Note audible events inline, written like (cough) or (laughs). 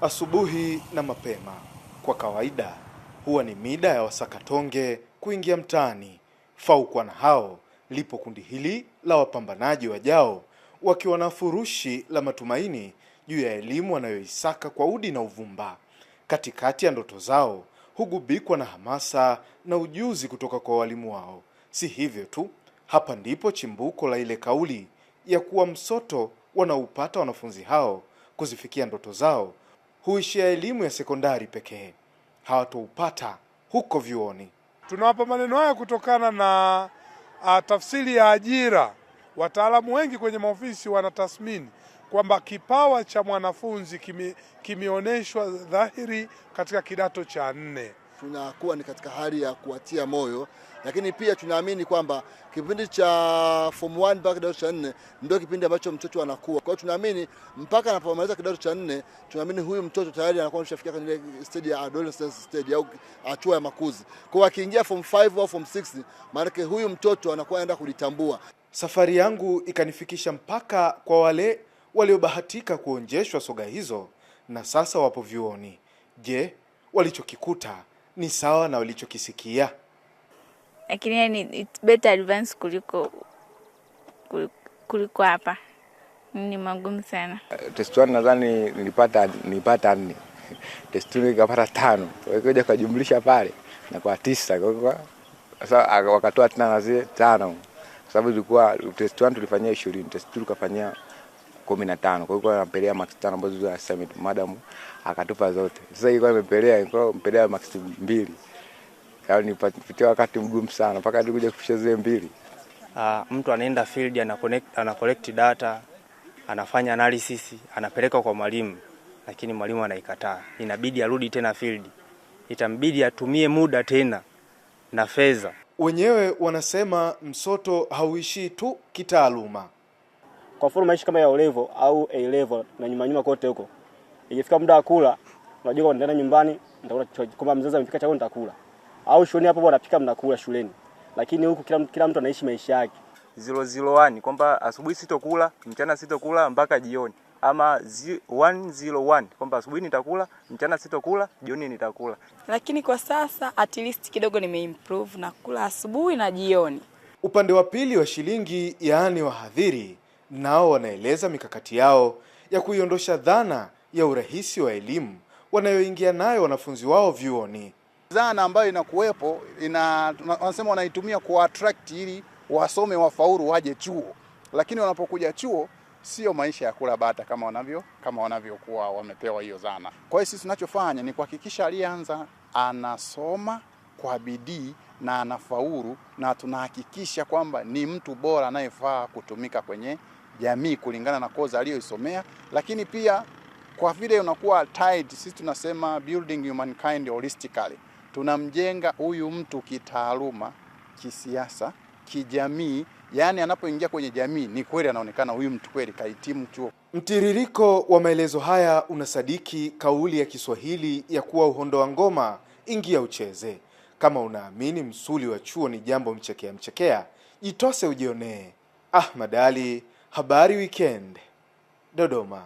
Asubuhi na mapema kwa kawaida huwa ni mida ya wasakatonge kuingia mtaani. Faukwa na hao lipo kundi hili la wapambanaji wajao wakiwa na furushi la matumaini juu ya elimu wanayoisaka kwa udi na uvumba. Katikati ya ndoto zao hugubikwa na hamasa na ujuzi kutoka kwa walimu wao. Si hivyo tu, hapa ndipo chimbuko la ile kauli ya kuwa msoto wanaupata wanafunzi hao kuzifikia ndoto zao huishia elimu ya sekondari pekee, hawatoupata huko vyuoni. Tunawapa maneno haya kutokana na a, ah, tafsiri ya ajira. Wataalamu wengi kwenye maofisi wanatathmini kwamba kipawa cha mwanafunzi kimeonyeshwa dhahiri katika kidato cha nne tunakuwa ni katika hali ya kuwatia moyo, lakini pia tunaamini kwamba kipindi cha form 1 mpaka kidato cha nne ndio kipindi ambacho mtoto anakuwa. Kwa hiyo tunaamini mpaka anapomaliza kidato cha nne, tunaamini huyu mtoto tayari anakuwa ameshafikia kwenye ile stage ya adolescence stage au hatua ya makuzi. Kwa hiyo akiingia form 5 au form 6, yake huyu mtoto anakuwa anaenda kujitambua. Safari yangu ikanifikisha mpaka kwa wale waliobahatika kuonjeshwa soga hizo na sasa wapo vyuoni. Je, walichokikuta ni sawa na ulichokisikia, lakini yani it's better advance kuliko kuliko hapa. Ni magumu sana. Eh, test one nadhani nilipata nilipata nne, (laughs) test two nikapata tano, Kwa kuja kujumlisha pale na kwa tisa, kwa sasa wakatoa tena na zile tano, kwa sababu ilikuwa test one tulifanyia 20, test two tukafanyia kumi na tano. Kwa hiyo kwa nampelea max tano ambazo za summit madam akatupa zote. Sasa ilikuwa nimepelea ilikuwa mpelea max mbili. Yaani nilipitia wakati mgumu sana mpaka nilikuja kufisha zile mbili. Uh, mtu anaenda field ana connect ana collect data anafanya analysis anapeleka kwa mwalimu, lakini mwalimu anaikataa, inabidi arudi tena field, itambidi atumie muda tena na fedha. Wenyewe wanasema Msoto hauishii tu kitaaluma, kwa mfano maisha kama ya olevo au A level na nyuma nyuma kote huko. Ikifika muda wa kula, unajua unaenda nyumbani, nitakula kama mzazi amefika chakula nitakula. Au shuleni hapo bwana pika mnakula shuleni. Lakini huku kila, kila mtu anaishi maisha yake. Zero zero one kwamba asubuhi sitokula, mchana sitokula mpaka jioni ama 101 kwamba asubuhi nitakula, mchana sitokula, jioni nitakula. Lakini kwa sasa at least kidogo nimeimprove na kula asubuhi na jioni. Upande wa pili wa shilingi, yaani wahadhiri, nao wanaeleza mikakati yao ya kuiondosha dhana ya urahisi wa elimu wanayoingia nayo wanafunzi wao vyuoni. Dhana ambayo inakuwepo ina, wanasema wanaitumia kuattract ili wasome, wafaulu, waje chuo, lakini wanapokuja chuo sio maisha ya kula bata kama wanavyo kama wanavyokuwa wamepewa hiyo zana Kwa hiyo sisi tunachofanya ni kuhakikisha aliyeanza anasoma kwa bidii na anafaulu, na tunahakikisha kwamba ni mtu bora anayefaa kutumika kwenye jamii kulingana na kozi aliyoisomea, lakini pia kwa vile unakuwa tied, sisi tunasema building humankind holistically, tunamjenga huyu mtu kitaaluma, kisiasa, kijamii yani anapoingia kwenye jamii ni kweli anaonekana huyu mtu kweli kahitimu chuo. Mtiririko wa maelezo haya unasadiki kauli ya Kiswahili ya kuwa uhondo wa ngoma ingia ucheze. Kama unaamini msuli wa chuo ni jambo mchekea mchekea, jitose ujionee. Ahmad Ali, Habari Weekend Dodoma.